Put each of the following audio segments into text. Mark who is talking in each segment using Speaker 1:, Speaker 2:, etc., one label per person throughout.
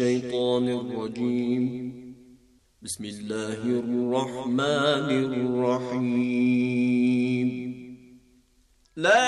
Speaker 1: الشيطان الرجيم بسم الله الرحمن الرحيم لا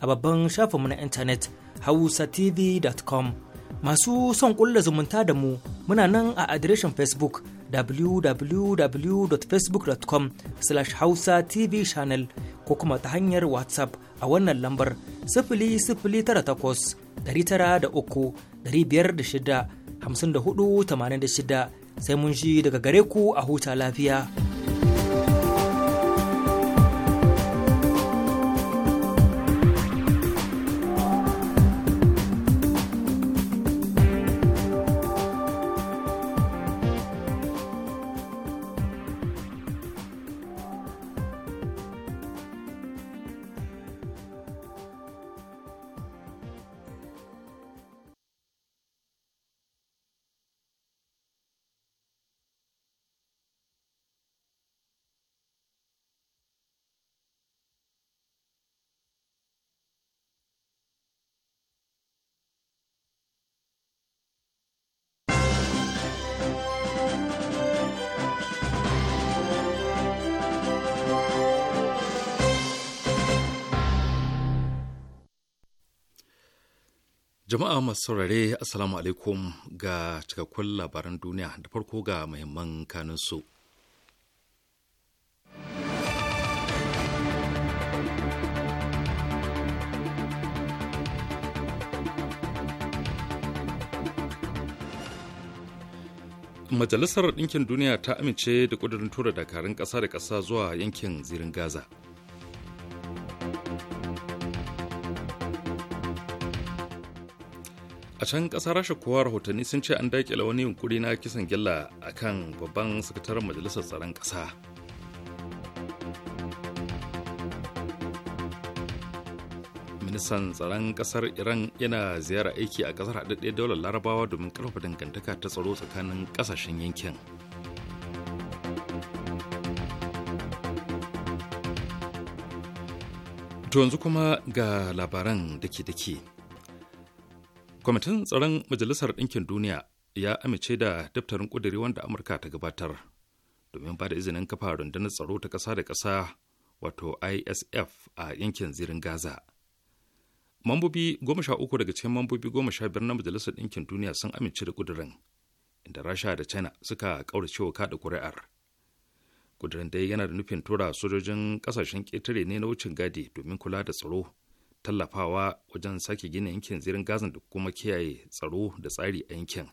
Speaker 2: a babban shafinmu na intanet hausatv.com masu son kulla zumunta da mu muna nan a adireshin facebook www.facebook.com slash hausa tv channel ko kuma ta hanyar whatsapp a wannan lambar sifili sifili da takwas tara uku shida hamsin da sai mun ji daga gare ku a huta lafiya.
Speaker 3: Jama'a masu saurare Assalamu alaikum ga cikakkun labaran duniya da farko ga muhimman kanunsu. Majalisar Ɗinkin Duniya ta amince da ƙudurin tura dakarun ƙasa da ƙasa zuwa yankin zirin Gaza. a can kasar rasha kowa rahotanni sun ce an dakile wani yunkuri na kisan gilla a kan babban sakataren majalisar tsaron kasa ministan tsaron ƙasar iran yana ziyara aiki a kasar haɗaɗɗiyar daular larabawa domin ƙarfafa dangantaka ta tsaro tsakanin ƙasashen yankin to yanzu kuma ga labaran dake-dake kwamitin tsaron majalisar ɗinkin duniya ya amince da daftarin ƙudiri wanda amurka ta gabatar domin ba da izinin kafa rundunar tsaro ta kasa da kasa wato isf a yankin zirin gaza mambobi goma sha uku daga cikin mambobi goma sha biyar na majalisar ɗinkin duniya sun amince da kudurin inda rasha da china suka ƙaurace wa kaɗa ƙuri'ar ƙudirin dai yana da nufin tura sojojin ƙasashen ƙetare ne na wucin gadi domin kula da tsaro tallafawa wajen sake gina yankin zirin gazan da kuma kiyaye tsaro da tsari a yankin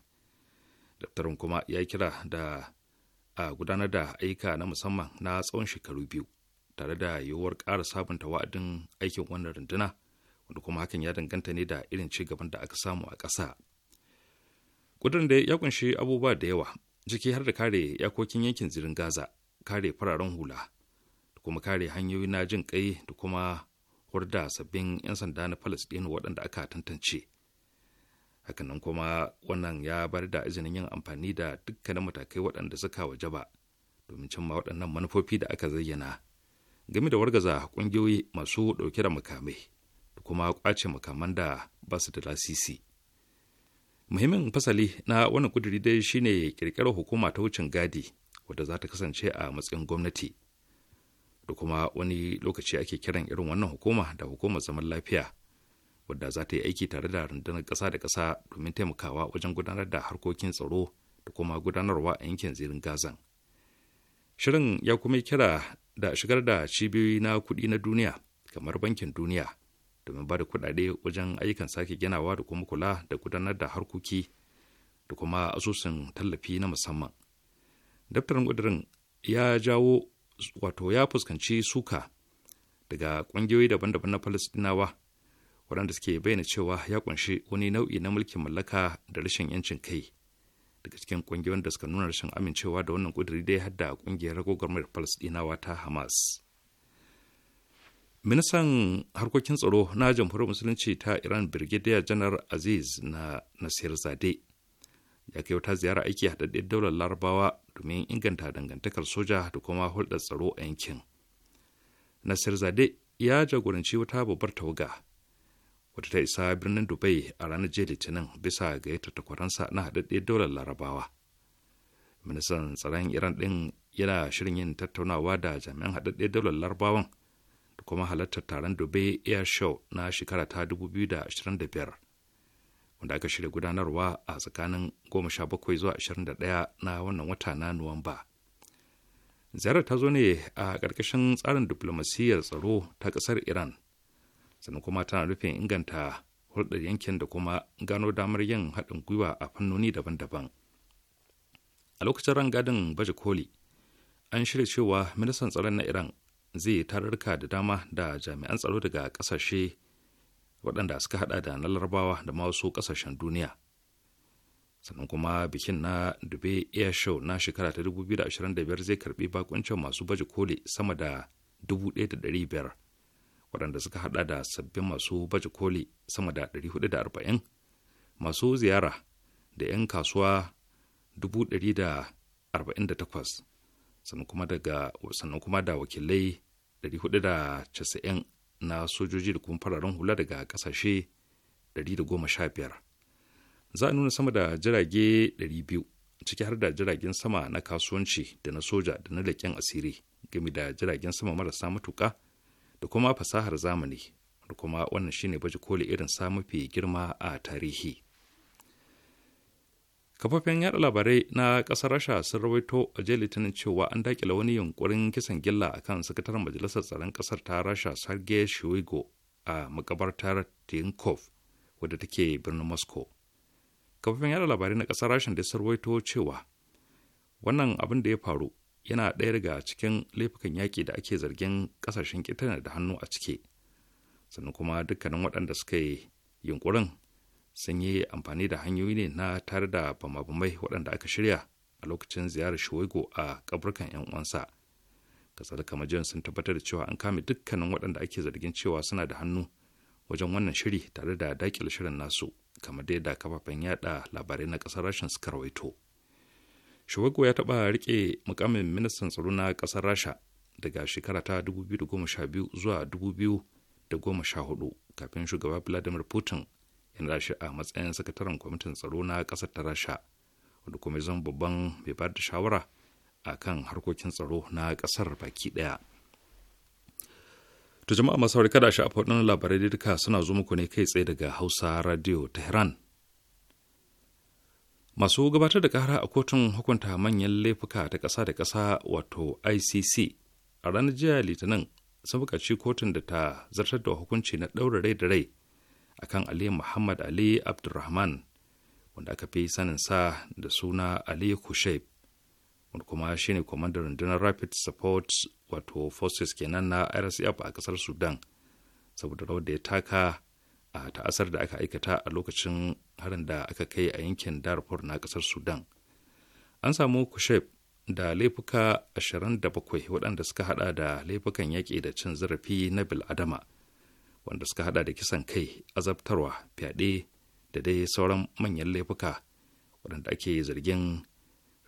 Speaker 3: daftarin kuma ya kira da a gudanar da aika na musamman na tsawon shekaru biyu tare da yiwuwar ƙara sabunta wa'adin aikin wannan runduna wanda kuma hakan ya danganta ne da irin ci gaban da aka samu a ƙasa ƙudurin da ya kunshi abubuwa da yawa ciki har da kare yakokin yankin zirin gaza kare fararen hula da kuma kare hanyoyi na jin kai da kuma horar da sabbin 'yan sanda na Falasɗinu waɗanda aka tantance. Hakanan kuma wannan ya bar da izinin yin amfani da dukkanin matakai waɗanda suka wajaba domin cimma waɗannan manufofi da aka zayyana game da wargaza ƙungiyoyi masu ɗauke da makamai da kuma ƙwace makaman da ba su da lasisi. Muhimmin fasali na wannan kuduri dai shine ƙirƙirar hukuma ta wucin gadi wadda za ta kasance a matsayin gwamnati. da kuma wani lokaci ake kiran irin wannan hukuma da hukumar zaman lafiya wadda za ta yi aiki tare da rundunar ƙasa da kasa domin taimakawa wajen gudanar da harkokin tsaro da kuma gudanarwa a yankin zirin gazan shirin ya kuma kira da shigar da cibiyoyi na kuɗi na duniya kamar bankin duniya domin ba da kuɗaɗe wajen ayyukan sake ginawa da kuma kula da gudanar da harkoki da kuma asusun tallafi na musamman daftarin ƙudurin ya jawo wato ya fuskanci suka daga kungiyoyi daban-daban na Falastinawa waɗanda suke bayyana cewa ya kunshi wani nau'i na mulkin mallaka da rashin 'yancin kai. Daga cikin kungiyoyin da suka nuna rashin amincewa da wannan ƙudiri dai har da ƙungiyar gwagwarmayar Falastinawa ta Hamas. Ministan harkokin tsaro na jamhuriyar musulunci ta Iran birgidiyar Janar Aziz na Nasir Zade ya kai wata ziyara aiki a daular larabawa domin inganta dangantakar soja da kuma hulɗar tsaro a yankin nasir zade ya jagoranci wata babbar tawaga wata ta isa birnin dubai a ranar jiya litinin bisa ga yadda takwaransa na haɗaɗɗe daular larabawa ministan tsaron iran ɗin yana shirin yin tattaunawa da jami'an haɗaɗɗe daular larabawan da kuma halartar taron dubai air show na shekara ta 2025 wanda aka shirya gudanarwa a tsakanin 17 zuwa 21 na wannan wata na Nuwamba. Ziyarar ta zo ne a ƙarƙashin tsarin diplomasiyyar tsaro ta ƙasar Iran, sannan kuma tana nufin inganta hulɗar yankin da kuma gano damar yin haɗin gwiwa a fannoni daban-daban. A lokacin rangadin baje koli, an shirya cewa ministan tsaron na Iran zai tararka da dama da jami'an tsaro daga ƙasashe waɗanda suka hada da na larabawa da masu ƙasashen duniya sannan kuma bikin na dube air show na shekara ta 2025 zai karbi bakuncin masu baje koli sama da 1,500 waɗanda suka hada da sabbin masu baje koli sama da 440 masu ziyara da 'yan kasuwa 148 sannan kuma da wakilai 490 na sojoji da kuma fararen hula daga kasashe 115 za a nuna sama da jirage 200 ciki har da jiragen sama na kasuwanci da na soja da na leƙen asiri game da jiragen sama marasa matuƙa da kuma fasahar zamani da kuma wannan shine baje koli irin sa mafi girma a tarihi kafofin yada labarai na kasar rasha sun rawaito a jiya litinin cewa an dakile wani yunkurin kisan gilla akan sakataren majalisar tsaron kasar ta rasha sergei shuigo a makabartar tinkov wadda take birnin moscow kafofin yada labarai na kasar rasha da sun rawaito cewa wannan abin da ya faru yana ɗaya daga cikin laifukan yaƙi da ake zargin kasashen ƙetare da hannu a ciki sannan kuma dukkanin waɗanda suka yi yunkurin sun amfani da hanyoyi ne na tare da bamabamai waɗanda aka shirya a lokacin ziyarar shuwaigo a kaburkan 'yan uwansa kasalika sun tabbatar da cewa an kame dukkanin waɗanda ake zargin cewa suna da hannu wajen wannan shiri tare da dakile shirin nasu kamar dai da kafafen yada labarai na ƙasar rashin suka rawaito shuwaigo ya taɓa riƙe mukamin ministan tsaro na ƙasar rasha daga shekara ta 2012 zuwa 2014 kafin shugaba vladimir putin in rasha a matsayin sakataren kwamitin tsaro na ƙasar ta rasha wanda kuma zan babban mai ba da shawara a kan harkokin tsaro na ƙasar baki ɗaya to jama'a masu kada da sha'afa waɗannan labarai da duka suna zo muku ne kai tsaye daga hausa radio tehran masu gabatar da kara a kotun hukunta manyan laifuka ta ƙasa da ƙasa wato icc a ranar jiya litinin sun buƙaci kotun da ta zartar da hukunci na ɗaura rai da rai akan Ali Muhammad Ali Abdulrahman wanda aka fi sanin sa da suna Ali Kushayb wanda kuma shine kwamandar rundunar Rapid Support wato Forces kenan na RSF a kasar Sudan saboda rawar da ya taka a ta'asar da aka aikata a lokacin harin da aka kai a yankin Darfur na kasar Sudan an samu Kushayb da laifuka 27 waɗanda suka hada da laifukan yaƙi da cin zarafi na bil'adama wanda suka hada da kisan kai azabtarwa fyaɗe da dai sauran manyan laifuka waɗanda ake zargin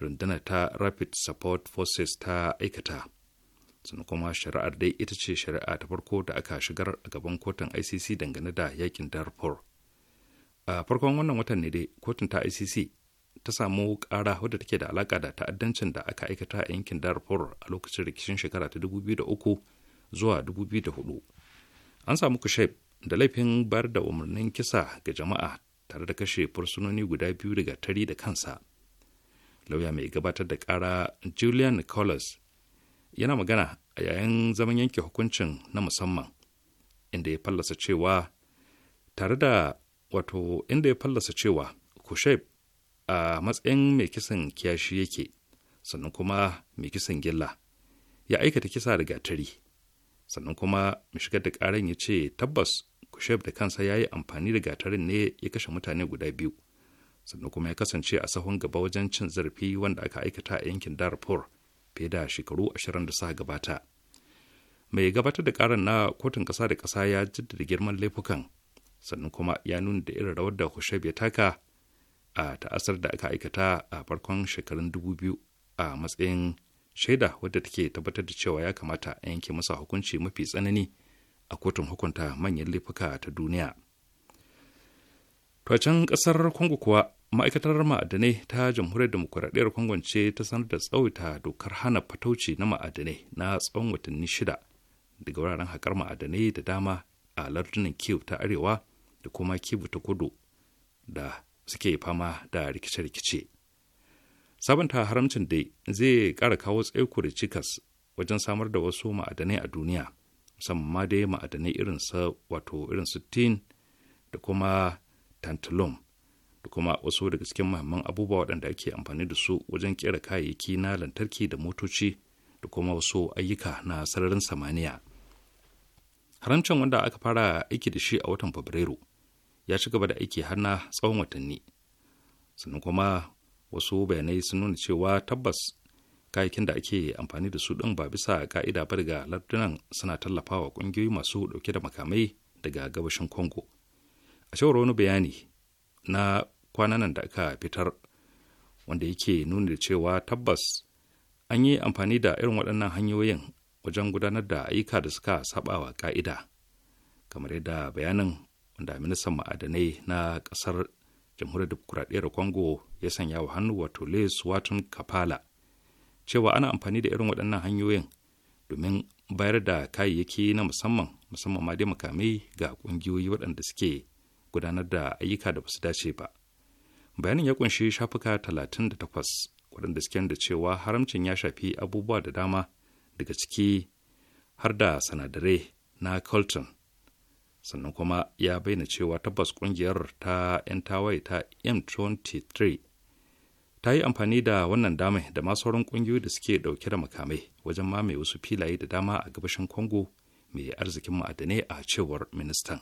Speaker 3: rundunar ta rapid support forces ta aikata sun kuma shari'ar dai ita ce shari'a ta farko da aka shigar a gaban kotun icc dangane da yakin darfur a farkon wannan watan ne dai kotun ta icc ta samu kara wadda take da alaka da ta'addancin da aka aikata a yankin darfur a lokacin rikicin shekara ta 2003 zuwa 2004 an samu kusheb da laifin bayar da umarnin kisa ga jama'a tare da kashe fursunoni guda biyu daga tari da kansa lauya mai gabatar da kara julian nicholas yana magana a yayin zaman yanke hukuncin na musamman inda ya fallasa cewa tare da wato inda ya fallasa cewa kusheb a matsayin mai kisan kiyashi yake sannan kuma mai kisan gilla ya aikata kisa da gatari sannan kuma mai shigar da karan ya ce tabbas kushef da kansa ya yi amfani da gatarin ne ya kashe mutane guda biyu sannan kuma ya kasance a sahun gaba wajen cin zarafi wanda aka aikata a yankin darfur fiye da shekaru ashirin da suka gabata mai gabatar da karan na kotun kasa da ƙasa ya jaddada girman laifukan sannan kuma ya nuna da irin rawar da kushef ya taka a ta'asar da aka aikata a farkon shekarun dubu biyu a matsayin shaida wadda take tabbatar da cewa ya kamata a yanke masa hukunci mafi tsanani a kotun hukunta manyan laifuka ta duniya. To can ƙasar Kongo kuwa ma'aikatar ma'adanai ta jamhuriyar demokuraɗiyyar Kongo ce ta sanar da tsawaita dokar hana fatauci na ma'adanai na tsawon watanni shida daga wuraren haƙar ma'adanai da dama a lardunan Kiev ta arewa da kuma Kivu ta kudu da suke fama da rikice-rikice. sabunta haramcin dai zai ƙara kawo tsaiko da cikas wajen samar da wasu ma'adanai a duniya musamman ma dai ma'adanai irin sa wato irin su tin da kuma tantalum da kuma wasu daga cikin mahimman abubuwa waɗanda ake amfani da su wajen ƙera kayayyaki na lantarki da motoci da kuma wasu ayyuka na sararin samaniya haramcin wanda aka fara aiki da shi a watan fabrairu ya ci gaba da aiki har na tsawon watanni sannan kuma wasu bayanai sun nuna cewa tabbas kayakin da ake amfani da su ɗin ba bisa ka'ida ba daga lardunan suna tallafawa ƙungiyoyi masu ɗauke da makamai daga gabashin congo a cewar wani bayani na kwananan da aka fitar wanda yake nuna da cewa tabbas an yi amfani da irin waɗannan hanyoyin wajen gudanar da ayyuka da suka sabawa ka'ida kamar yadda bayanin wanda ministan ma'adanai na ƙasar jamhuriyar demokuraɗiyyar kwango ya sanya wa hannu wato les watun kafala cewa ana amfani da irin waɗannan hanyoyin domin bayar da kayayyaki na musamman musamman ma dai makamai ga ƙungiyoyi waɗanda suke gudanar da ayyuka da basu dace ba bayanin ya kunshi shafuka 38 waɗanda suke da cewa haramcin ya shafi abubuwa da dama daga ciki har da sanadarai na colton sannan kuma ya bayyana cewa tabbas kungiyar ta 'yan tawaye ta m23 ta yi amfani da wannan dama da ma sauran kungiyoyi da suke dauke da makamai wajen mamaye wasu filaye da dama a gabashin congo mai arzikin ma'adanai a cewar ministan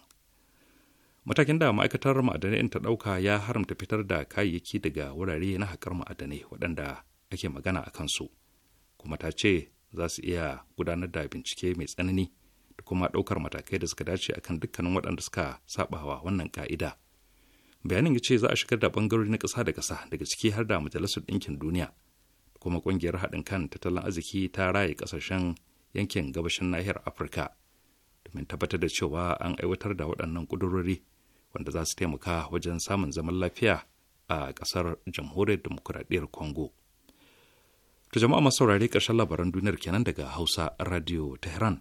Speaker 3: matakin da ma'aikatar ma'adanai ta dauka ya haramta fitar da kayayyaki daga wurare na haƙar ma'adanai waɗanda ake magana a kansu kuma ta ce za su iya gudanar da bincike mai tsanani kuma ɗaukar matakai da suka dace akan dukkanin waɗanda suka sabawa wannan ka'ida bayanin ya ce za a shigar da ɓangarori na ƙasa da ƙasa daga ciki har da majalisar ɗinkin duniya kuma ƙungiyar haɗin kan tattalin arziki ta raye ƙasashen yankin gabashin nahiyar afirka domin tabbatar da cewa an aiwatar da waɗannan ƙudurori wanda za su taimaka wajen samun zaman lafiya a ƙasar jamhuriyar demokuraɗiyyar congo to jama'a masu saurare ƙarshen labaran duniyar kenan daga hausa radio tehran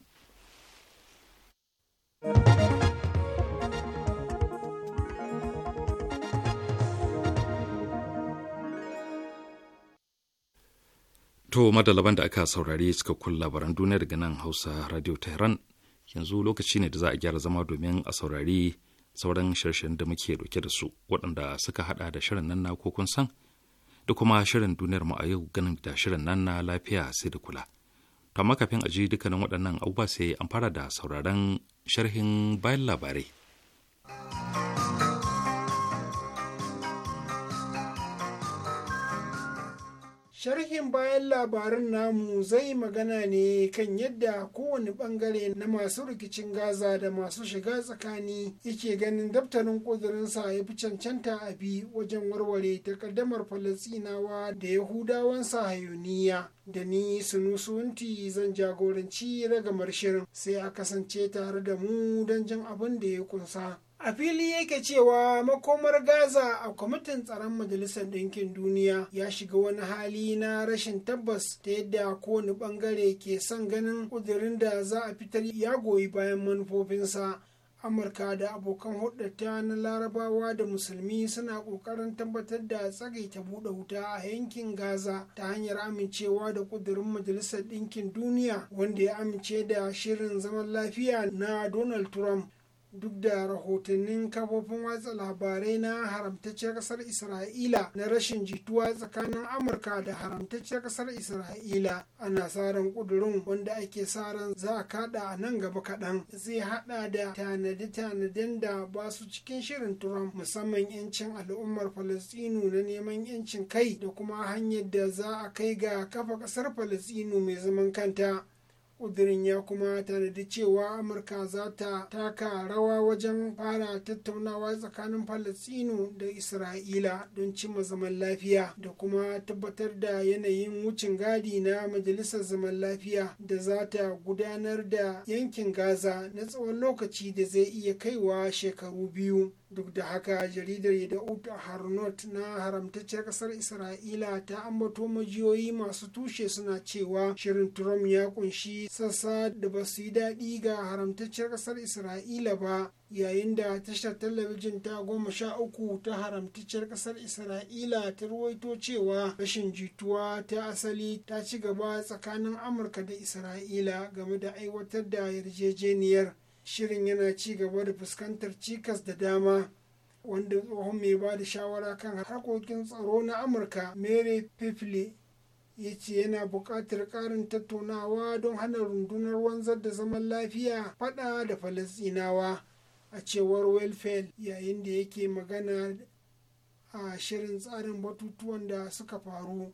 Speaker 3: To madalaban da aka saurari suka kun labaran duniya daga nan Hausa Radio Tehran yanzu lokaci ne da za a gyara zama domin a saurari sauran shirshen da muke dauke da su waɗanda suka hada da shirin nan na ko san da kuma shirin duniyar mu a yau ganin da shirin nan na lafiya sai da kula. kama kafin a ji dukkanin waɗannan abubuwa sai an fara da sauraron sharhin bayan labarai.
Speaker 4: sharhin bayan labarin namu zai magana ne kan yadda kowane bangare na masu rikicin gaza da masu shiga tsakani yake ganin daftarin ƙudurinsa ya fi cancanta a bi wajen warware takaddamar falasinawa da yahudawan sahayuniya da ni sunusunti zan jagoranci ragamar shirin sai a kasance tare da mu don jin abin da ya kunsa a fili yake cewa makomar gaza a kwamitin tsaron majalisar ɗinkin duniya ya shiga wani hali na rashin tabbas ta yadda kowane ɓangare ke son ganin ƙudurin da za a fitar ya goyi bayan manufofinsa amurka da abokan hudata na larabawa da musulmi suna ƙoƙarin tabbatar da tsagaita buɗe wuta a yankin gaza ta hanyar amincewa da ƙudurin majalisar ɗinkin duniya wanda ya amince da shirin zaman lafiya na donald trump duk da rahotannin kafofin watsa labarai na haramtacciyar kasar isra'ila na rashin jituwa tsakanin amurka da haramtacciyar kasar isra'ila ana tsarin kudurin wanda ake sa za a kada a nan gaba kaɗan zai hada da tanade tanadin da ba su cikin shirin trump musamman yancin al'ummar falastinu na neman yancin kai da kuma hanyar da za a kai ga kafa kasar falastinu mai zaman kanta ƙudirin ya kuma tanadi cewa amurka za ta taka rawa wajen fara tattaunawa tsakanin falastinu da isra'ila don cimma zaman lafiya da kuma tabbatar da yanayin wucin gadi na majalisar zaman lafiya da za ta gudanar da yankin gaza na tsawon lokaci da zai iya kaiwa shekaru biyu duk da haka jaridar yadda'ut harnot na haramtacciyar kasar isra'ila ta ambato majiyoyi masu tushe suna cewa shirin trump ya kunshi sassa da ba su yi daɗi ga haramtacciyar kasar isra'ila ba yayin da tashar talabijin ta goma sha uku ta haramtacciyar kasar isra'ila ta ruwaito cewa rashin jituwa ta asali ta ci gaba tsakanin amurka da isra'ila game da aiwatar da yarjejeniyar shirin yana ci gaba da fuskantar cikas da dama wanda tsohon mai ba da shawara kan harkokin tsaro na amurka mary pifle ya ce yana buƙatar ƙarin tattaunawa don hana rundunar wanzar da zaman lafiya faɗa da falasɗinawa a cewar welfare yayin da yake magana a shirin tsarin batutuwan da suka faru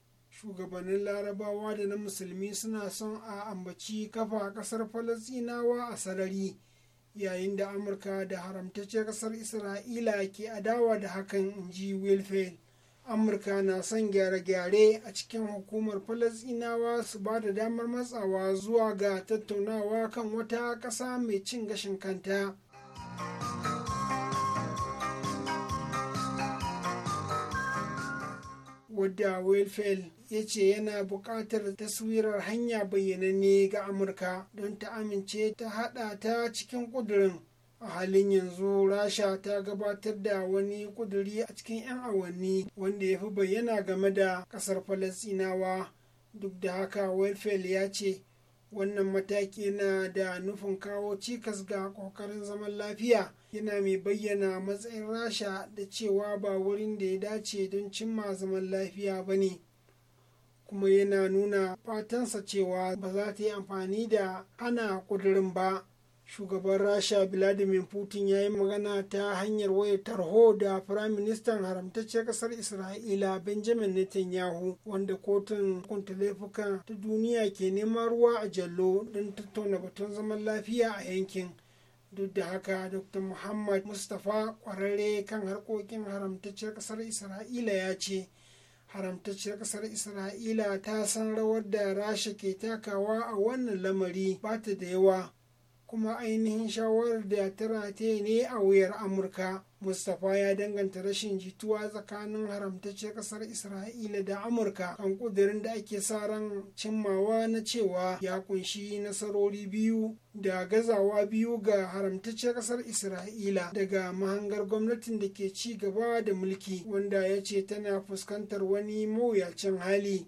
Speaker 4: shugabannin larabawa da na musulmi suna son a ambaci kafa kasar falasinawa a sarari yayin da amurka da haramtaccen kasar isra'ila ke adawa da hakan in ji wilfred amurka na son gyare-gyare a cikin hukumar falasinawa su ba da damar matsawa zuwa ga tattaunawa kan wata ƙasa mai cin gashin kanta. wadda Wilfell ya ce yana buƙatar taswirar hanya bayyananne ga amurka don ta amince ta haɗa ta cikin ƙudurin a halin yanzu rasha ta gabatar da wani ƙuduri a cikin 'yan awanni wanda ya fi bayyana game da ƙasar falasinawa duk da haka Wilfell ya ce wannan mataki na da nufin kawo cikas ga ƙoƙarin zaman lafiya yana mai bayyana matsayin rasha da cewa ba wurin da ya dace don cimma zaman lafiya ba ne kuma yana nuna fatansa cewa ba za ta yi amfani da hana kudurin ba shugaban rasha vladimir putin ya yi magana ta hanyar wayar tarho da firayim ministan haramtacciyar kasar isra'ila benjamin netanyahu wanda kotun hukunta laifuka ta duniya ke neman ruwa a jallo don tattauna batun zaman lafiya a yankin duk da haka dr muhammad mustapha kwararre kan harkokin haramtacciyar kasar isra'ila ya ce haramtacciyar kasar isra'ila ta san rawar da rasha ke takawa a wannan lamari ba ta da yawa kuma ainihin shawarar da ta rataye ne a wuyar amurka mustapha ya danganta rashin jituwa tsakanin haramtacce kasar isra'ila da amurka kan kudirin da ake sa ran cimmawa na cewa ya kunshi nasarori biyu da gazawa biyu ga haramtacce kasar isra'ila daga mahangar gwamnatin da ke ci gaba da mulki wanda ya ce tana fuskantar wani mawuyacin hali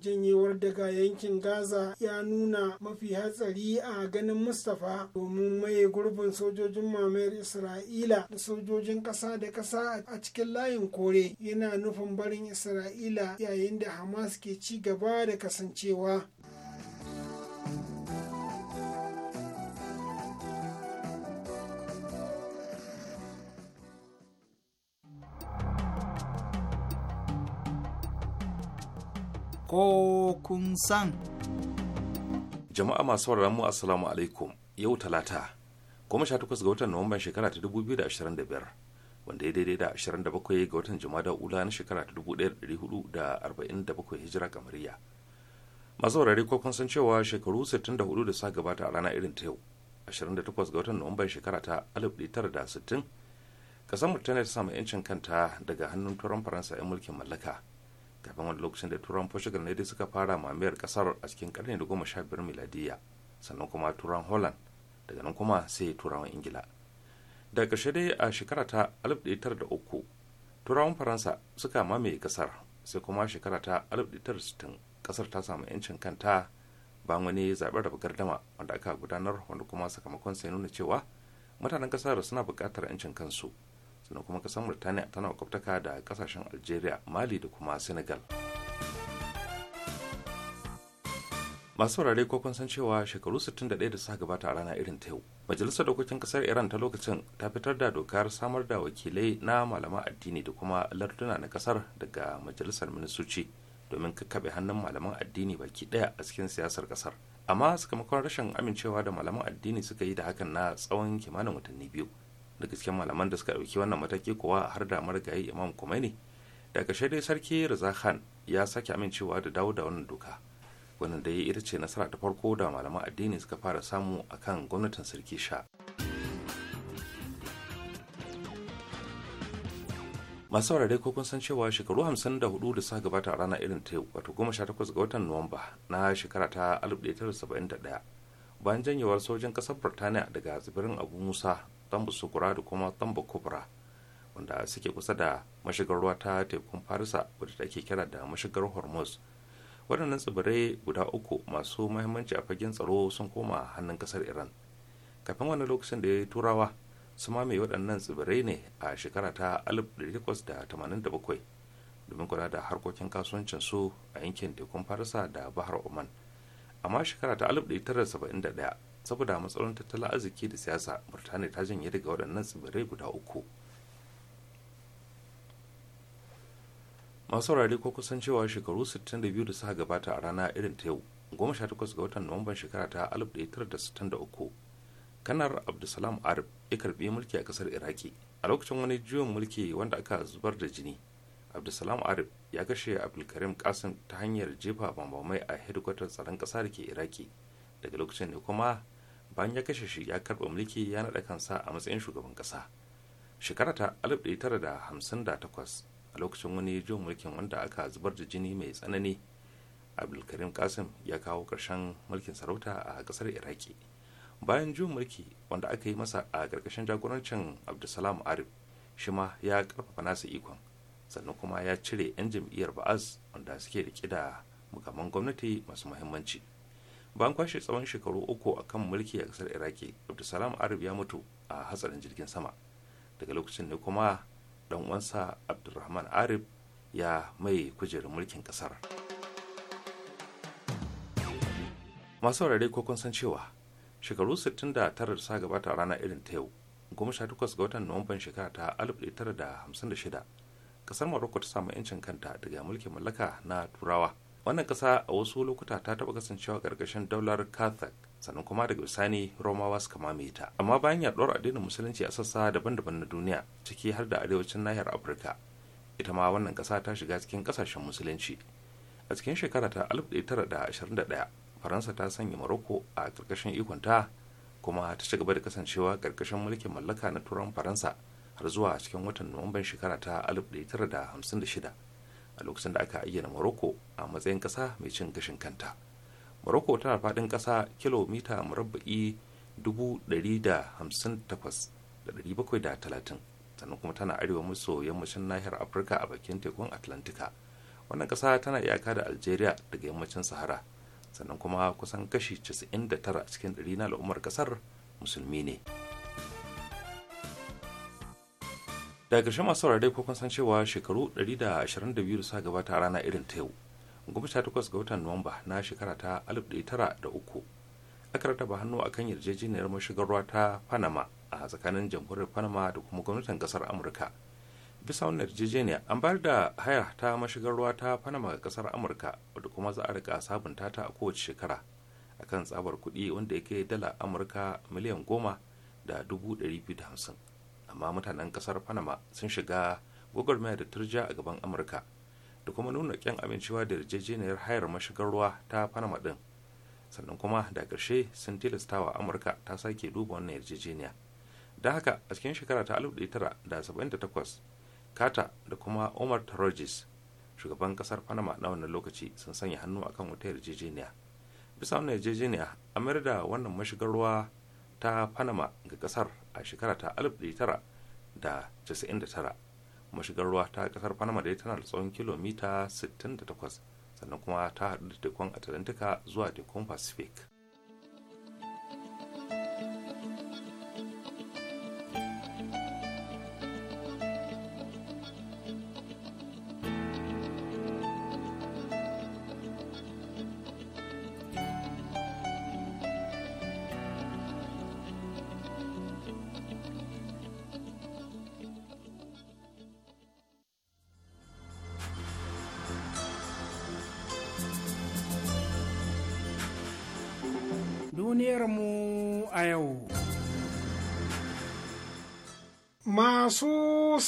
Speaker 4: janyewar daga yankin gaza ya nuna mafi hatsari a ganin mustapha domin maye gurbin sojojin mamayar isra'ila da sojojin kasa da kasa a cikin layin kore yana nufin barin isra'ila yayin da hamas ke ci gaba da kasancewa
Speaker 2: ko kun san.
Speaker 3: Jama'a masu wararen mu Assalamu alaikum yau talata goma sha takwas ga watan Nuwamban shekara ta dubu biyu da ashirin da biyar wanda ya daidai da ashirin da bakwai ga watan da Ula na shekara ta dubu ɗaya da ɗari hudu da arba'in da bakwai hijira Mariya. Masu warare ko kun san cewa shekaru sittin da hudu da sa gabata a rana irin ta yau ashirin da takwas ga watan Nuwamban shekara ta alif da sittin kasar mutane ta samu 'yancin kanta daga hannun turan Faransa 'yan mulkin mallaka kafin wani lokacin da turan portugal ne dai suka fara mamiyar kasar a cikin karni da goma sha biyar miladiya sannan kuma turan holland daga nan kuma sai turawan ingila da ƙarshe dai a shekara ta 1903 turawan faransa suka mamaye kasar sai kuma shekara ta 1960 kasar ta samu 'yancin kanta bayan wani zaɓen raba gardama wanda aka gudanar wanda kuma sakamakon sai nuna cewa mutanen kasar suna buƙatar 'yancin kansu sannan kuma kasar murtaniya tana kwaftaka da kasashen algeria mali da kuma senegal masu saurare ko kun san cewa shekaru 61 da suka gabata a rana irin ta yau majalisar dokokin kasar iran ta lokacin ta fitar da dokar samar da wakilai na malaman addini da kuma larduna na kasar daga majalisar ministoci domin kakkaɓe hannun malaman addini baki ɗaya a cikin siyasar kasar amma sakamakon rashin amincewa da malaman addini suka yi da hakan na tsawon kimanin watanni biyu daga cikin malaman da suka ɗauki wannan mataki kuwa har da marigayi imam kumaini da ƙarshe dai sarki Reza Khan ya sake amincewa da dawo da wannan doka wannan da ya ita ce nasara ta farko da malaman addini suka fara samu a kan gwamnatin sarki sha masu saurare ko kun san cewa shekaru 54 da suka gabata a rana irin ta yau wato 18 ga watan nuwamba na shekara ta 1971 bayan janyewar sojin kasar birtaniya daga tsibirin abu musa tambu sukura da kuma tambu kubra wanda suke kusa da mashigar ruwa ta tekun farisa wadda ake kira da mashigar hormuz waɗannan tsibirai guda uku masu mahimmanci a fagen tsaro sun koma hannun ƙasar iran kafin wani lokacin da ya yi turawa su mame waɗannan tsibirai ne a shekara ta 1887 domin kula da harkokin kasuwancin su a yankin tekun farisa da bahar oman amma shekara ta saboda matsalolin tattalin arziki da siyasa murtani ta janye daga waɗannan tsibirai guda uku masu rari ko kusan cewa shekaru 62 da suka gabata a rana irin ta yau 18 ga watan nuwamban shekara ta 1963 kanar abdulsalam arab ya karbi mulki a kasar iraki a lokacin wani juyin mulki wanda aka zubar da jini abdulsalam arab ya kashe abdulkarim kasim ta hanyar jefa bambamai a hedikwatar tsaron kasa da ke iraki daga lokacin ne kuma bayan ya kashe shi ya karɓa mulki ya naɗa kansa a matsayin shugaban ƙasa shekara ta 1958 a lokacin wani jin mulkin wanda aka zubar da jini mai tsanani abdulkarim kasim ya kawo ƙarshen mulkin sarauta a ƙasar iraki bayan jin mulki wanda aka yi masa a ƙarƙashin jagorancin abdulsalam arif shi ma ya ƙarfafa nasa ikon sannan kuma ya cire 'yan jam'iyyar ba'az wanda suke riƙe da mukamman gwamnati masu muhimmanci. bayan kwashe tsawon shekaru uku a kan mulki a kasar iraki abdulsalam arab ya mutu a hatsarin jirgin sama daga lokacin ne kuma dan uwansa abdulrahman arab ya mai kujerar mulkin ƙasar. masu saurare ko kun san cewa shekaru 69 da sa gabata rana irin ta yau 18 ga watan nuwamban shekara ta 1956 kasar morocco ta samu 'yancin kanta daga mulkin mallaka na turawa wannan kasa a wasu lokuta ta taba kasancewa ƙarƙashin daular catholic sannan kuma daga bisani romawa suka mamaye ta amma bayan yaɗuwar addinin musulunci a sassa daban-daban na duniya ciki har da arewacin nahiyar afirka ita ma wannan kasa ta shiga cikin kasashen musulunci a cikin shekara ta 1921 faransa ta sanya morocco a ƙarƙashin ikonta kuma ta ci gaba da kasancewa karkashin mulkin mallaka na turan faransa har zuwa cikin watan nuwamban shekara ta 1956 a lokacin da aka ayyana morocco a matsayin ƙasa mai cin gashin kanta morocco tana faɗin ƙasa kilomita murabba'i talatin sannan kuma tana arewa maso yammacin nahiyar afirka a bakin tekun atlantika wannan ƙasa tana iyaka da algeria daga yammacin sahara sannan kuma kusan kashi tara cikin 100 na al'ummar ƙasar musulmi ne. daga ƙarshen masu saurare ko san cewa shekaru 122 da suka gabata a rana irin ta yau goma sha ga watan nuwamba na shekara ta 1903 aka rataba hannu akan yarjejeniyar mashigar ruwa ta panama a tsakanin jamhuriyar panama da kuma gwamnatin ƙasar amurka bisa wannan yarjejeniya an bayar da haya ta mashigar ruwa ta panama ga kasar amurka wadda kuma za a rika sabunta ta a kowace shekara akan tsabar kuɗi wanda yake dala amurka miliyan goma da dubu ɗari biyu da hamsin amma mutanen kasar panama sun shiga gwagwarmaya da turja a gaban amurka da kuma nuna kyan amincewa da yarjejeniyar hayar mashigar ruwa ta panama din sannan kuma da ƙarshe sun tilastawa amurka ta sake duba wannan yarjejeniya da haka a cikin shekara ta 1978 kata da kuma omar tarojis shugaban kasar panama na wannan lokaci sun sanya hannu akan wata yarjejeniya bisa wannan yarjejeniya a mayar da wannan mashigar ruwa ta panama ga kasar a shekara ta 1999 mashigar ruwa ta kasar panama da tana da tsawon kilomita 68 sannan kuma ta haɗu da tekun atlantika zuwa tekun pacific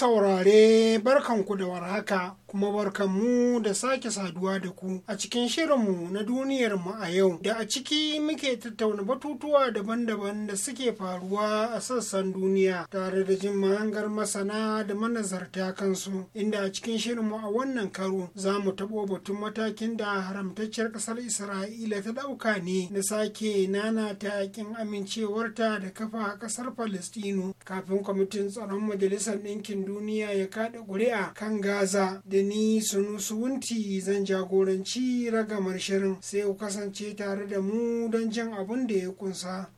Speaker 4: saurare barkanku da warhaka kuma barkanmu da sake saduwa da ku a cikin shirinmu na duniyarmu a yau da a ciki muke tattauna batutuwa daban-daban da suke faruwa a sassan duniya tare da jin mahangar masana da manazarta kansu inda a cikin shirinmu a wannan karo za mu taɓo batun matakin da haramtacciyar ƙasar isra'ila ta ɗauka ne na sake nana ta yakin amincewarta da kafa ƙasar falistinu kafin kwamitin tsaron majalisar ɗinkin duniya ya kaɗa kada ƙuri'a kan gaza da ni suwunti zan jagoranci ragamar shirin sai ku kasance tare da mu don jan abin da ya kunsa.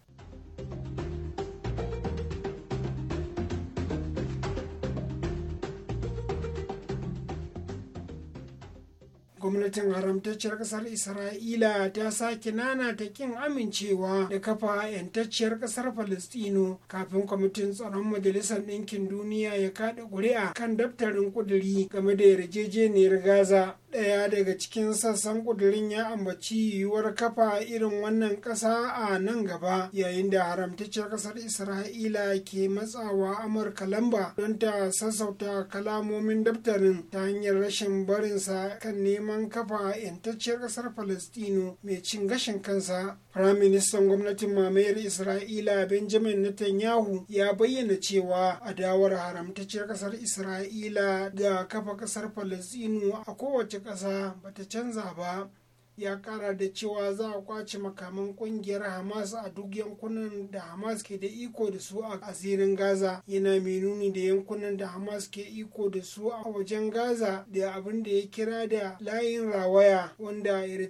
Speaker 4: gwamnatin haramtacciyar kasar isra'ila ta sake nana ta kin amincewa da kafa yantacciyar kasar falistino kafin kwamitin tsaron majalisar ɗinkin duniya ya kaɗa ƙuri'a kan daftarin ƙuduri game da yarjejeniyar gaza ɗaya daga cikin sassan ƙudurin ya ambaci yiwuwar kafa irin wannan ƙasa a nan gaba yayin da haramtacciyar ƙasar isra'ila ke matsawa amurka lamba don ta sassauta kalamomin daftarin ta hanyar rashin barinsa kan neman kafa yantacciyar ƙasar falastino mai cin gashin kansa firaministan gwamnatin mamayar isra'ila benjamin netanyahu ya bayyana cewa adawar haramtacciyar ƙasar isra'ila ga kafa ƙasar falastino a kowace Ƙasa 'ba ta canza ba ya kara da cewa za a kwace makaman kungiyar hamas a duk yankunan da hamas ke da iko da su a asirin gaza yana mai nuni da yankunan da hamas ke iko da su a wajen gaza da abin da ya kira da layin rawaya wanda ya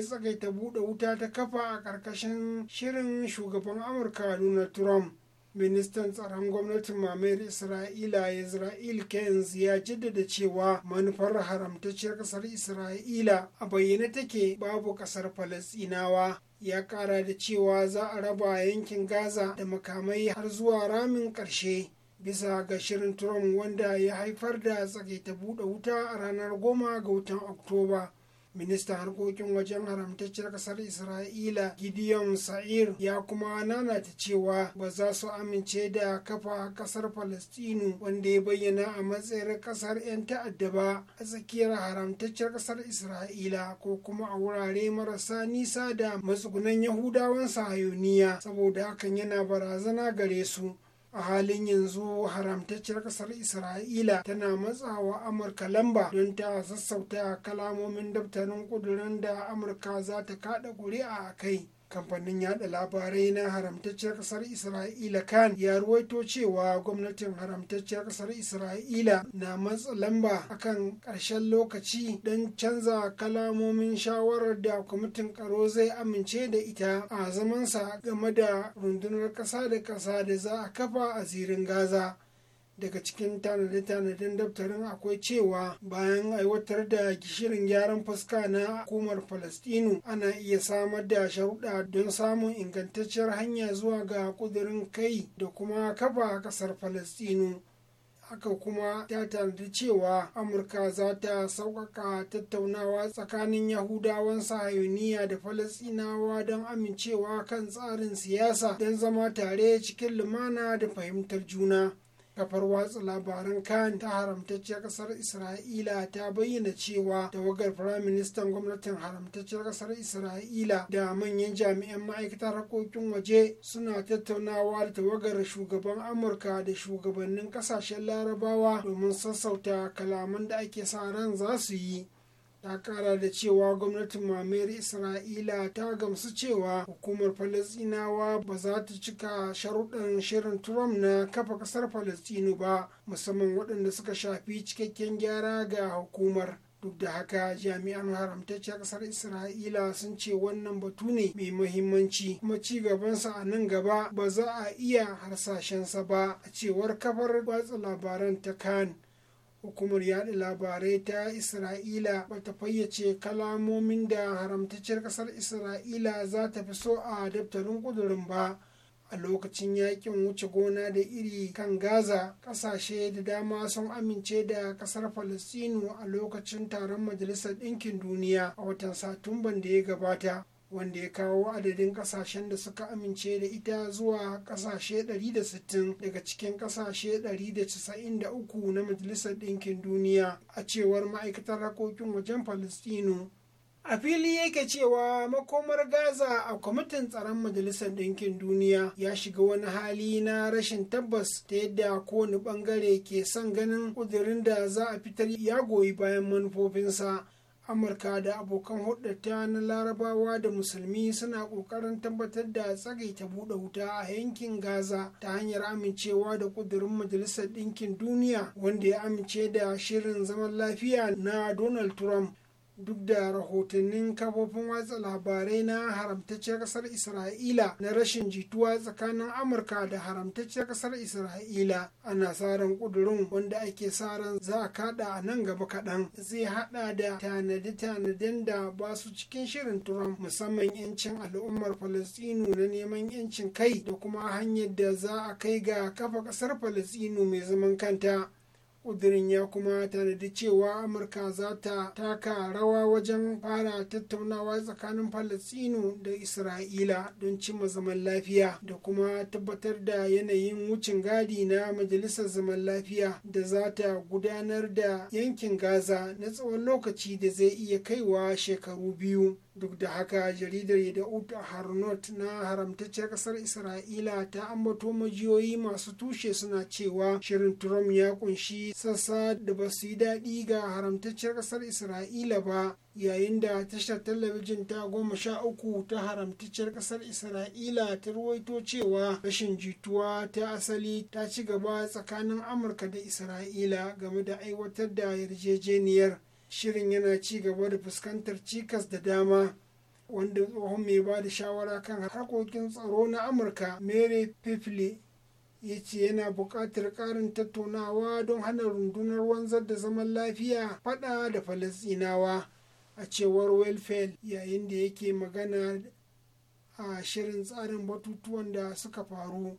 Speaker 4: tsakaita buɗe wuta ta kafa a karkashin shirin shugaban amurka donald trump ministan tsaron gwamnatin mamayar isra'ila israel kenz ya jaddada cewa manufar haramtacciyar kasar isra'ila a bayyane take babu kasar falasinawa ya kara da cewa za a raba yankin gaza da makamai har zuwa ramin karshe bisa ga shirin trump wanda ya haifar da tsakaita buɗe wuta a ranar goma ga watan oktoba ministan harkokin wajen haramtacciyar ƙasar isra'ila gideon sa'ir ya kuma nanata cewa ba za su amince da kafa ƙasar falastinu wanda ya bayyana a matsayin ƙasar 'yan ta'adda ba a tsakiyar haramtacciyar ƙasar isra'ila ko kuma a wurare marasa nisa da matsugunan yahudawan sahayoniya saboda hakan yana barazana gare su a halin yanzu haramtacciyar ƙasar isra'ila tana matsawa amurka lamba don ta sassauta kalamomin daftarin kudurin da amurka za ta kaɗa ƙuri'a a kai kamfanin yada labarai na haramtacciyar kasar isra'ila kan ya ruwaito cewa gwamnatin haramtacciyar kasar isra'ila na matsa lamba akan ƙarshen lokaci don canza kalamomin shawarar da kwamitin karo zai amince da ita a zamansa game da rundunar ƙasa da ƙasa da za a kafa a zirin gaza daga cikin tanade-tanaden daftarin akwai cewa bayan aiwatar da gishirin gyaran fuska na hukumar falastinu ana iya samar da sharuɗa don samun ingantacciyar hanya zuwa ga kudurin kai da kuma kafa ƙasar falastinu haka kuma ta tanadi cewa amurka za ta sauƙaƙa tattaunawa tsakanin yahudawan sahayuniya da falasinawa don amincewa kan tsarin siyasa don zama tare cikin lumana da fahimtar juna kafar watsa labaran kan ta haramtacciyar kasar isra'ila ta bayyana cewa tawagar firaministan gwamnatin haramtacciyar kasar isra'ila da manyan jami'an ma'aikatar harkokin waje suna tattaunawa da tawagar shugaban amurka da shugabannin kasashen larabawa domin sassauta kalaman da ake sa ran za su yi ta kara da cewa gwamnatin mamayar isra'ila ta gamsu cewa hukumar falasinawa ba za ta cika sharuɗan shirin trump na kafa ƙasar falasinu ba musamman waɗanda suka shafi cikakken gyara ga hukumar duk da haka jami'an haramtacciyar ƙasar isra'ila sun ce wannan batu ne mai muhimmanci kuma ci gabansa a nan gaba ba za a iya harsashensa ba a cewar kafar watsa labaran ta kan hukumar yada labarai ta isra'ila bata fayyace kalamomin da haramtacciyar kasar isra'ila za ta fi so a daftarin kudurin ba a lokacin yakin wuce gona da iri kan gaza kasashe da dama sun amince da kasar falastinu a lokacin taron majalisar ɗinkin duniya a watan satumban da ya gabata wanda ya kawo adadin kasashen da suka amince da ita zuwa kasashe 160 daga cikin kasashe 193 na majalisar ɗinkin duniya a cewar ma'aikatar harkokin wajen palestino a fili yake cewa makomar gaza a kwamitin tsaron majalisar ɗinkin duniya ya shiga wani hali na rashin tabbas ta yadda kowane bangare ke son ganin ƙudurin da za a fitar ya goyi bayan manufofinsa amurka da abokan hudata na larabawa da musulmi suna kokarin tabbatar da tsagaita buɗe wuta a yankin gaza ta hanyar amincewa da kudurin majalisar ɗinkin duniya wanda ya amince da shirin zaman lafiya na donald trump duk da rahotannin kafofin watsa labarai na haramtacciyar ƙasar isra'ila na rashin jituwa tsakanin amurka da haramtacciyar ƙasar isra'ila ana tsarin kudurin wanda ake ran za a kada a nan gaba kaɗan zai haɗa da tanade tanadin da ba su cikin shirin trump musamman yancin al'ummar palestino na neman yancin kai da kuma hanyar da za a kai ga kafa ƙasar falastinu mai zaman kanta ƙudirin ya kuma tanadi cewa amurka za ta taka rawa wajen fara tattaunawa tsakanin falastinu da isra'ila don cimma zaman lafiya da kuma tabbatar da yanayin wucin gadi na majalisar zaman lafiya da za ta gudanar da yankin gaza na tsawon lokaci da zai iya kaiwa shekaru biyu duk da haka jaridar yadda'ut harnot na haramtacciyar kasar isra'ila ta ambato majiyoyi masu tushe suna cewa shirin trump ya kunshi sassa da ba su yi daɗi ga haramtacciyar kasar isra'ila ba yayin da tashar talabijin ta goma sha uku ta haramtacciyar kasar isra'ila ta ruwaito cewa rashin jituwa ta asali ta ci gaba tsakanin amurka da isra'ila game da aiwatar da yarjejeniyar shirin yana ci gaba da fuskantar cikas da dama wanda tsohon mai ba da shawara kan harkokin tsaro na amurka mary pifle ya ce yana buƙatar ƙarin tattaunawa don hana rundunar wanzar da zaman lafiya faɗa da falasinawa a cewar welfare yayin da yake magana a shirin tsarin batutuwan da suka faru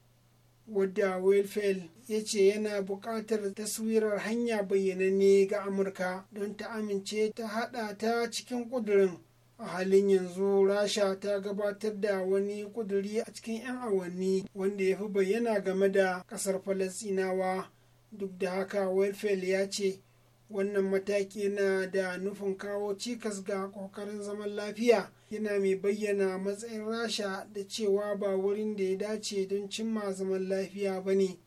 Speaker 4: wadda Wilfell ya ce yana buƙatar taswirar hanya bayyananne ga amurka don ta amince ta haɗa ta cikin ƙudurin a halin yanzu rasha ta gabatar da wani ƙuduri a cikin 'yan awanni wanda ya fi bayyana game da ƙasar falasinawa duk da haka Wilfell ya ce wannan mataki na da nufin kawo cikas ga kokarin zaman lafiya yana mai bayyana matsayin rasha da cewa ba wurin da ya dace don cimma zaman lafiya ba ne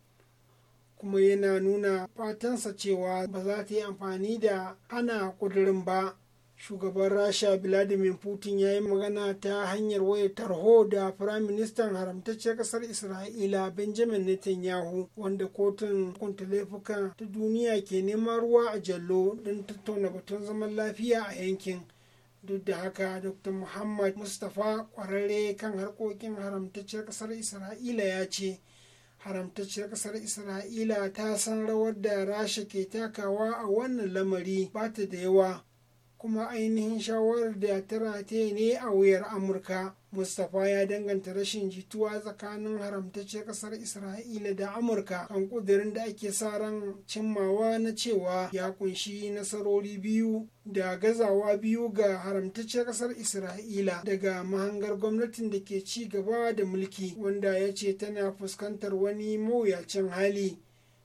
Speaker 4: kuma yana nuna fatansa cewa ba za ta yi amfani da hana kudurin ba shugaban rasha vladimir putin ya yi magana ta hanyar wayar tarho da firayim ministan haramtacciyar kasar isra'ila benjamin netanyahu wanda kotun hukunta laifuka ta duniya ke neman ruwa a jallo don tattauna batun zaman lafiya a yankin duk da haka dr muhammad mustapha kwararre kan harkokin haramtacciyar kasar isra'ila ya ce haramtacciyar kasar isra'ila ta san rawar da rasha ke takawa a wannan lamari ba ta da yawa kuma ainihin shawarar da ta rataye ne a wuyar amurka mustapha ya danganta rashin jituwa tsakanin haramtacciyar kasar isra'ila da amurka kan kudirin da ake sa ran cimmawa na cewa ya kunshi nasarori biyu da gazawa biyu ga haramtacciyar kasar isra'ila daga mahangar gwamnatin da ke ci gaba da mulki wanda ya ce tana fuskantar wani mawuyacin hali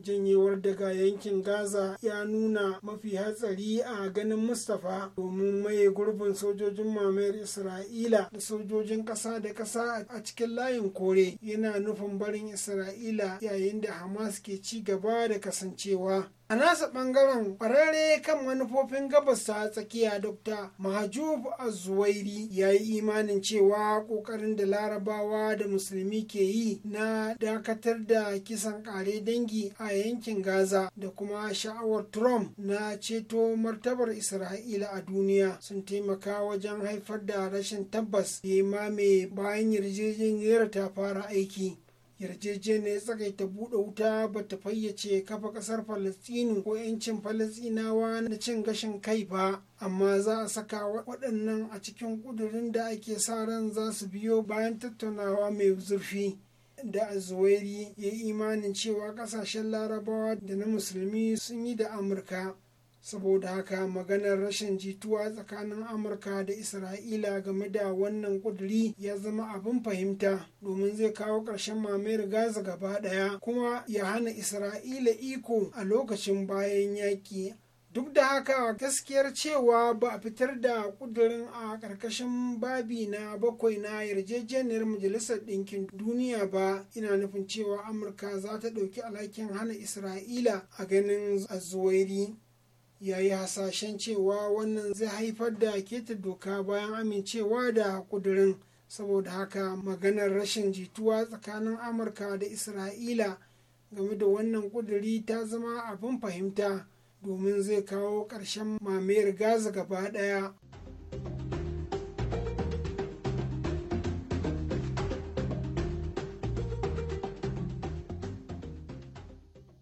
Speaker 4: janyewar daga yankin gaza ya nuna mafi hatsari a ganin mustapha domin maye gurbin sojojin mamayar isra'ila da sojojin kasa da kasa a cikin layin kore yana nufin barin isra'ila yayin da hamas ke ci gaba da kasancewa a nasa bangaren kwararre kan manufofin gabas ta tsakiya dr mahajub azuwairi ya yi imanin cewa kokarin da larabawa da musulmi ke yi na dakatar da kisan kare dangi a yankin gaza da kuma sha'awar trump na ceto martabar isra'ila a duniya sun taimaka wajen haifar da rashin tabbas da ya mame bayan yarjejeniyar ta fara aiki yarjejeniyar ta buɗe wuta ba ta fayyace kafa kasar falastinu ko 'yancin falastinawa na cin gashin kai ba amma za a saka waɗannan a cikin ƙudurin da ake sa ran za su biyo bayan tattaunawa mai zurfi da azuwairi ya yi imanin cewa ƙasashen larabawa da na musulmi sun yi da amurka saboda haka maganar rashin jituwa tsakanin amurka da isra'ila game da wannan kuduri ya zama abin fahimta domin zai kawo ƙarshen mamayar gaza gaba ɗaya kuma ya hana isra'ila iko a lokacin bayan yaƙi duk da haka gaskiyar cewa ba a fitar da kudurin a ƙarƙashin babi na bakwai na yarjejeniyar majalisar ɗinkin duniya ba ina nufin cewa amurka za ta ɗauki alhakin hana isra'ila a ganin azuwairi ya yi hasashen cewa wannan zai haifar da keta doka bayan amincewa da kudurin, saboda haka maganar rashin jituwa tsakanin amurka da isra'ila game da wannan kuduri ta zama abin fahimta domin zai kawo ƙarshen mamayar gaza gaba ɗaya.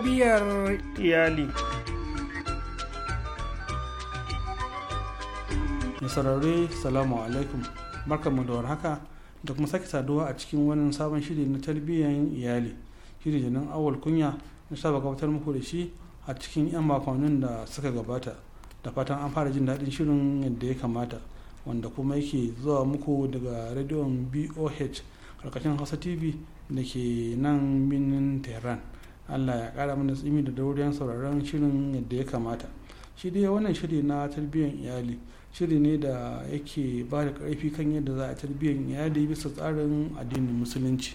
Speaker 4: tarbiyyar
Speaker 5: iyali saurare salamu alaikum barkanmu da warhaka da kuma sake saduwa a cikin wani sabon shiri na tarbiyyar iyali shiri da nan awal kunya na saba gabatar muku da shi a cikin 'yan makonnin da suka gabata da fatan an fara jin daɗin shirin yadda ya kamata wanda kuma yake zuwa muku daga rediyon boh karkashin hausa tv da ke nan minin tehran allah ya kara mana tsimi da dauriyar sauraron shirin yadda ya kamata shi dai wannan shiri na tarbiyyar iyali shiri ne da yake ba da karfi kan yadda za a tarbiyyar iyali bisa tsarin addinin musulunci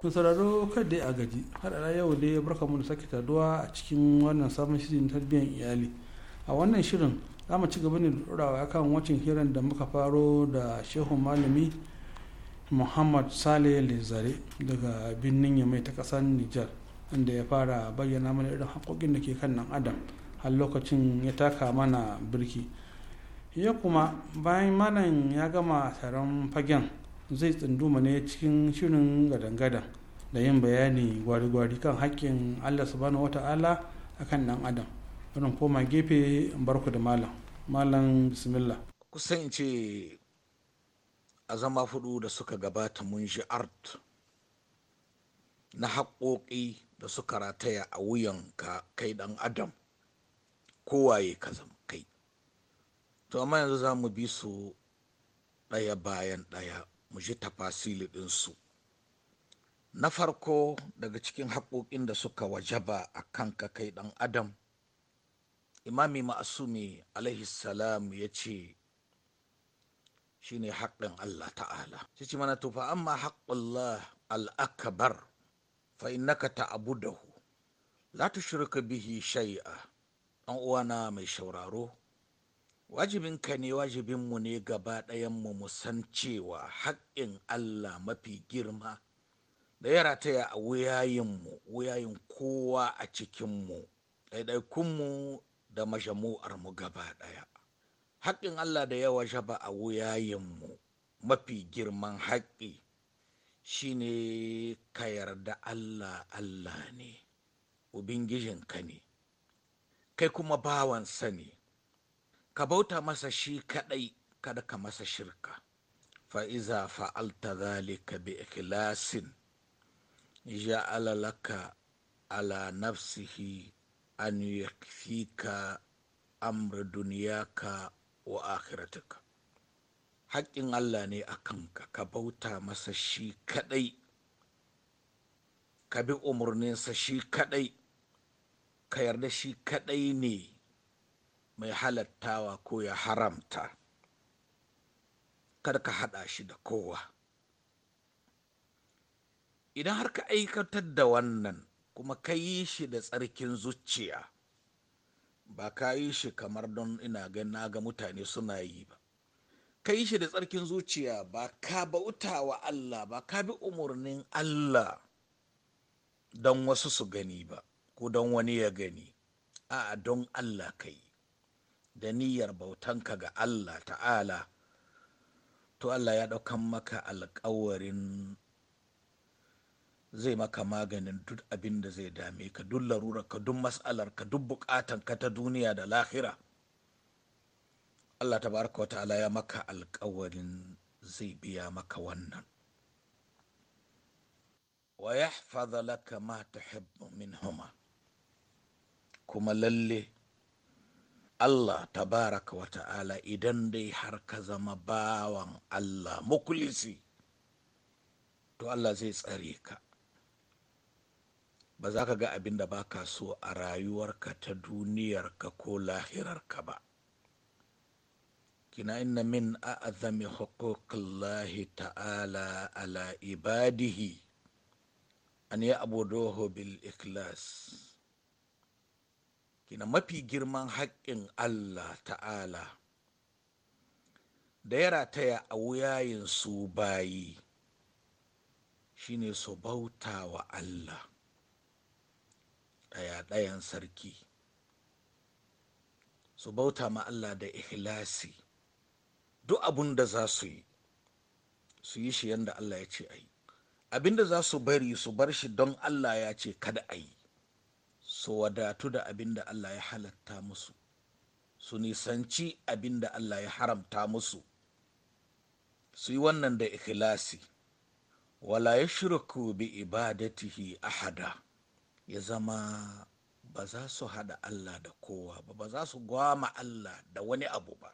Speaker 5: kun sauraro kai dai a gaji har yau dai barkamu da sake taduwa a cikin wannan sabon shirin tarbiyyar iyali a wannan shirin za mu ci gaba ne da ɗorawa kan wacin hirar da muka faro da shehu malami muhammad saleh lizare daga birnin yamai ta ƙasar nijar inda ya fara bayyana mana irin haƙoƙin da ke kan nan adam har lokacin ya taka mana birki ya kuma bayan malam ya gama taron fagen zai tsunduma ne cikin shirin gadan-gadan da yin bayani gwari-gwari kan haƙƙin allah subhanahu wata'ala a kan nan adam irin koma gefe in barku da malam malam bismillah
Speaker 6: kusan ce a zama fudu da suka gabata mun ji art na haƙoƙi da suka rataya a wuyan ka kai ɗan adam kowaye ka zama kai to amma yanzu za mu bi su ɗaya bayan ɗaya mu ji tafasili ɗinsu na farko daga cikin haƙoƙin da suka wajaba a kanka kai ɗan adam imami ma'asumi alaihi salam ya ce shi ne haƙƙin Allah ta'ala shi ce mana tufa amma haƙƙullah al'akabar abu innaka za la shirka bihi shai'a ɗan uwana mai shauraro wajibinka ne wajibinmu ne gaba ɗayanmu mu san cewa haƙƙin Allah mafi girma da ya rataya a wuyayinmu wuyayin kowa a cikinmu ɗaiɗaikunmu da majamu'armu gaba ɗaya. Haƙƙin Allah da yawa jaba a wuyayenmu mafi girman haƙƙi shi ne ka yarda Allah Allah ne, ka ne, kai kuma bawansa ne, ka bauta masa shi kaɗai kada ka masa shirka. fa'iza fa'alta zalika bi ikhlasin ja'ala laka ala nafsihi an yakfika amra ka wa akhiratuka haƙƙin Allah ne a kanka ka bauta masa shi kaɗai ka bi umarninsa shi kaɗai ka yarda shi kaɗai ne mai halattawa ko ya haramta kada ka haɗa shi da kowa idan har ka aikatar da wannan kuma ka yi shi da tsarkin zuciya ba ka yi shi kamar don ina gan ga mutane suna yi ba ka yi shi da tsarkin zuciya ba ka bauta wa Allah ba ka bi umarnin Allah don wasu su gani ba ko don wani ya gani a don Allah ka yi da niyyar ka ga Allah ta'ala to Allah ya ɗaukan maka alkawarin zai maka maganin duk abin da zai dame ka duk larurar ka duk matsalar ka duk bukatan ka ta duniya da lahira Allah tabaraka wata'ala ya maka alkawarin zai biya maka wannan wa yahfadha laka ma tuhibbu minhuma kuma lalle Allah tabaraka wa ta'ala idan dai har ka zama bawan Allah mukulisi to Allah zai tsare ka ba za ka ga abin da ba ka so a rayuwarka ta duniyarka ko lahirarka ba kina inna min a'zami huquqillahi ta'ala ala ibadihi an abu Doho bil ikhlas kina mafi girman haƙƙin allah ta'ala da ya rataya a wuyayin su bayi shine su bauta wa allah ɗaya-ɗayan sarki su bauta ma Allah da ihlasi duk abun da za su yi su yi shi yadda Allah ya ce a yi abin da za su bari su bar shi don Allah ya ce kada a yi su wadatu da abin da Allah ya halatta musu su nisanci abin da Allah ya haramta musu su yi wannan da ikhlasi wala ya shirku bi ibadatihi ahada ya zama ba za su haɗa Allah da kowa ba ba za su gwama Allah da wani abu ba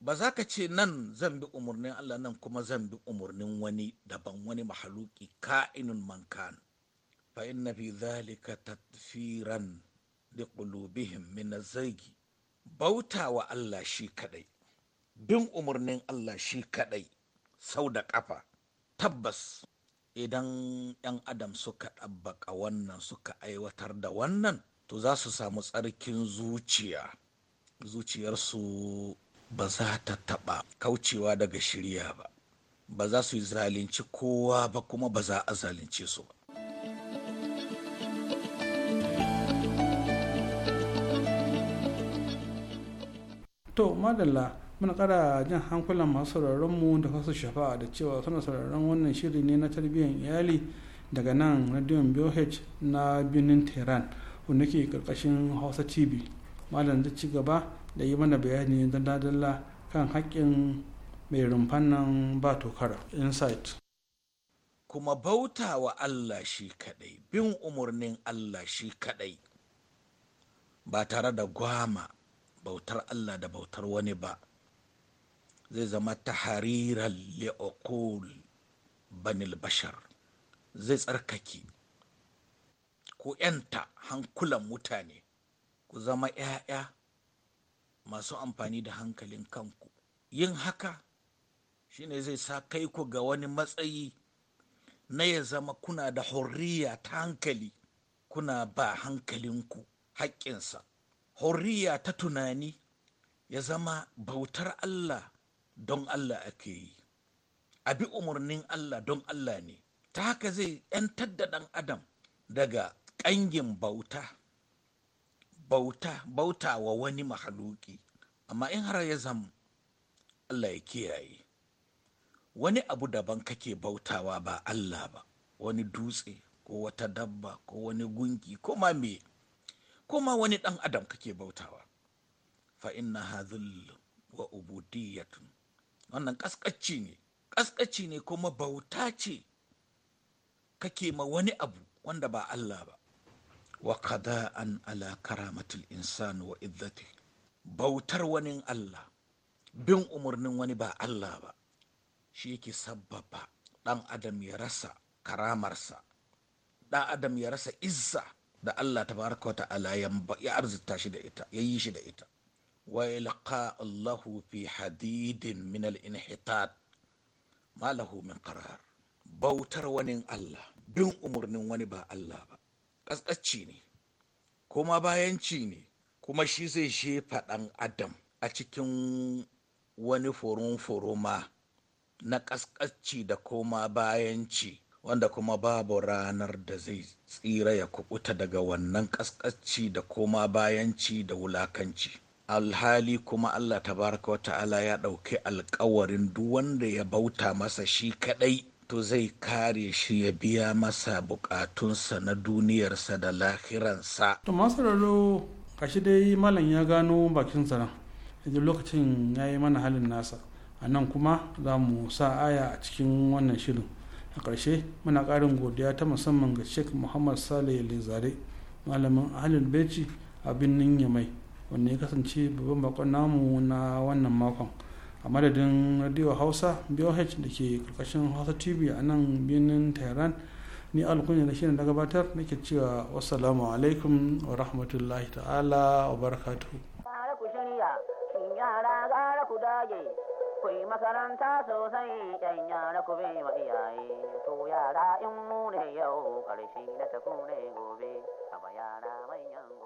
Speaker 6: ba za ka ce nan zan bi umarnin Allah nan kuma zan bi umarnin wani daban wani mahaluki ka'inun mankan fa inna fi dhalika tatfiran liqulubihim min azzaigi bauta wa Allah shi kadai bin umarnin Allah shi kadai sau da kafa tabbas idan 'yan adam suka ɗabbaƙa wannan suka aiwatar da wannan to za su samu tsarkin zuciya zuciyarsu ba za ta taɓa kaucewa daga shirya ba ba za su yi zalunci kowa ba kuma ba za a zalunce su ba
Speaker 5: to madalla muna kara jan hankulan masu mu da kasu shafa'a da cewa suna sauraron wannan shiri ne na tarbiyyar iyali daga nan radiyon BOH na birnin Tehran wanda ke karkashin Hausa TV. Malam da ci gaba da yi mana bayani dalla dala kan haƙƙin mai rumfan nan ba tokara insight. Kuma
Speaker 6: bauta wa Allah shi kaɗai, bin umarnin Allah shi kaɗai, ba tare da gwama bautar Allah da bautar wani ba. zai zama tahariran li'okul banil bashar zai tsarkake ku yanta hankulan mutane ku zama 'ya'ya masu amfani da hankalin kanku yin haka shine zai sa kai ku ga wani matsayi na ya zama kuna da horriya ta hankali kuna ba hankalinku haƙƙinsa hurriya ta tunani ya zama bautar allah don Allah ake yi a bi umarnin Allah don Allah ne ta haka zai 'yantar da ɗan adam daga ƙangin bauta bauta bauta wa wani mahaluki amma in har ya zam Allah ya kiyaye wani abu daban kake bautawa ba Allah ba wani dutse ko wata dabba ko wani gunki ko ma me ko ma wani ɗan adam kake bautawa fa inna hadhul wa ubudiyatun wannan kaskaci ne Kaskaci ne kuma bauta ce kake ma wani abu wanda ba Allah ba wa qada'an ala karamatul insani wa izzati bautar wani Allah bin umarnin wani ba Allah ba shi yake sabbaba ɗan adam ya rasa karamarsa ɗan adam ya rasa izza da Allah tabaraka wa ta'ala ya arzuta shi da ita ya yi shi da ita wa ilqa Allahu fi hadidin min al-inhitat bautar wani Allah bin umarnin wani ba Allah ba kaskacci ne kuma bayanci ne kuma shi zai shefa ɗan adam a cikin wani forum foroma na ƙasƙaci da koma bayanci wanda kuma babu ranar da zai tsira ya kubuta daga wannan ƙasƙaci da koma bayanci da wulakanci alhali kuma Allah tabaraka wa ta'ala ya ɗauki alkawarin duk wanda ya bauta masa shi kaɗai to zai kare shi ya biya masa bukatunsa na duniyarsa da lahiransa.
Speaker 5: To masararo kashi dai malam ya gano bakin tsaron idan lokacin ya yi mana halin nasa a nan kuma za mu sa aya a cikin wannan shirin a ƙarshe muna ƙarin godiya ta musamman ga sheikh muhammad salih lezare malamin halin beci a birnin yamai wanda ya kasance babban bakon namu na wannan makon a madadin radio hausa boh da ke karkashin hausa tv a nan birnin tehran ni alkunya da shirin da gabatar nake cewa wasalamu alaikum wa rahmatullahi ta'ala wa barakatu
Speaker 1: yara gara ku dage makaranta sosai yan yara ku bai wa iyaye to yara in mu ne yau karshe na tafi ne gobe a yara
Speaker 7: manyan gobe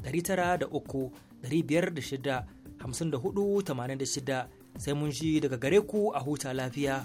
Speaker 2: 9,500,6,54,86 sai mun ji daga gare ku a huta lafiya.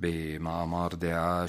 Speaker 3: به معمار دعا